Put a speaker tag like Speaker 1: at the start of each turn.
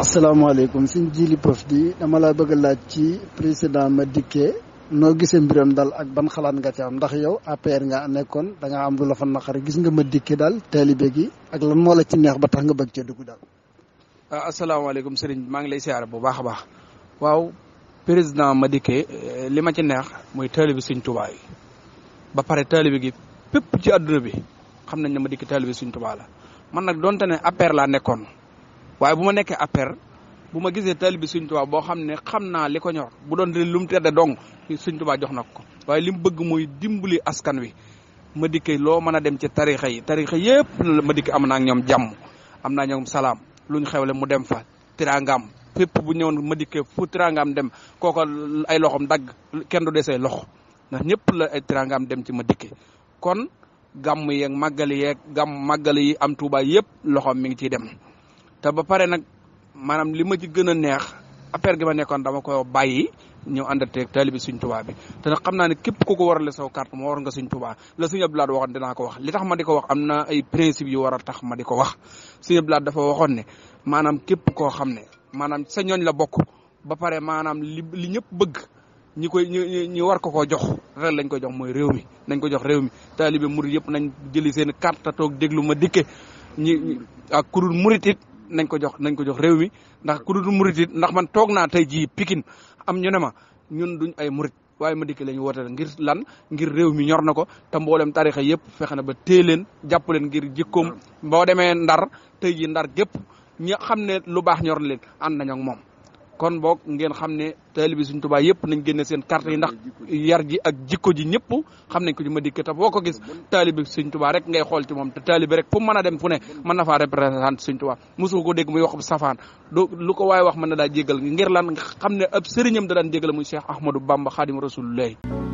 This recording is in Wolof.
Speaker 1: asalaamaaleykum suñ jili prof di dama laa bëgg a laaj ci président Madické noo gisee mbiram daal ak ban xalaat nga ci am ndax yow APR nga nekkoon danga am lu la fa naqari gis nga Madické daal taalibe gi ak lan moo la ci neex ba tax nga bëgg cee dugg daal.
Speaker 2: ah asalaamaaleykum sëriñ maa ngi lay siyaare bu baax a baax waaw président Madické eh, li ma ci neex mooy taalibe suñ Tuubaa yi ba pare taalibe gi pépp ci àdduna bi xam nañ ne Madické taalibe suñ Tuubaa la man nag donte ne APR laa nekkoon. waaye bu ma nekkee APR bu ma gisee taalibi suñ Tuubaa boo xam ne xam naa li ko ñor bu doon de lu mu tedde dong Sëñ Tuubaa jox na ko waaye li mu bëgg mooy dimbali askan wi ma dikkee loo mën a dem ci tarixa yi tarixa yëpp ma dikkee am ak ñoom jàmm am naa ñoom salaam lu ñu xewle mu dem fa tiraangam fépp bu ñëwoon ma dikkee fu tiraangam dem kooko ay loxoom dagg kenn du desee loxo ndax ñëpp la ay tiraangam dem ci ma dikkee kon gàmm yeeg màggali yeeg gàmm màggali yi am Tuubaa yëpp loxoom mi ngi ciy dem te ba pare nag maanaam li ma ci gën a neex affaire gi ma nekkoon dama ko bàyyi ñëw àndateeg taalibi suñ tubaa bi te nag xam naa ne képp ku ko warale saw carte moo war nga suñ tubaa la suñ abdulaat waxoon dinaa ko wax li tax ma diko ko wax am na ay principe yu war tax ma diko ko wax suñ abdulaat dafa waxoon ne maanaam képp koo xam ne maanaam sa ñooñ la bokk ba pare maanaam li li bëgg ñi koy ñi war ko koo jox rek lañ ko jox mooy réew mi nañ ko jox réew mi taalibi murid yëpp nañ jëli seen carte déglu ma ñi ak kurul nañ ko jox nañ ko jox réew mi ndax ku dul murit ndax man toog naa tey jii pikin am ñu ne ma ñun duñ ay murit waaye ma dikk la ñu woote ngir lan ngir réew mi ñor na ko te mboolem tarixa yëpp fexe na ba téye leen jàpp leen ngir jikkoom boo demee ndar tey jii ndar gépp ñi xam ne lu baax ñor na leen ànd moom kon boog ngeen xam ne taalibi Sëriñ Tuubaa yëpp nañ génne seen carte yi ndax yar ji ak jikko ji ñëpp xam nañ ko ci Madické te boo ko gis taalibi Sëriñ Tuubaa rek ngay xool ci moom te taalibi rek fu mën dem fu ne mën na faa représenté Sëriñ Tuubaa mosu ko dégg muy wax safaan du lu ko waaye wax mën na daa jégal ngir lan xam ne ab sëriñam da daan jégal muy Cheikh Ahmadou Bamba Xaadimu Rasuulullaahi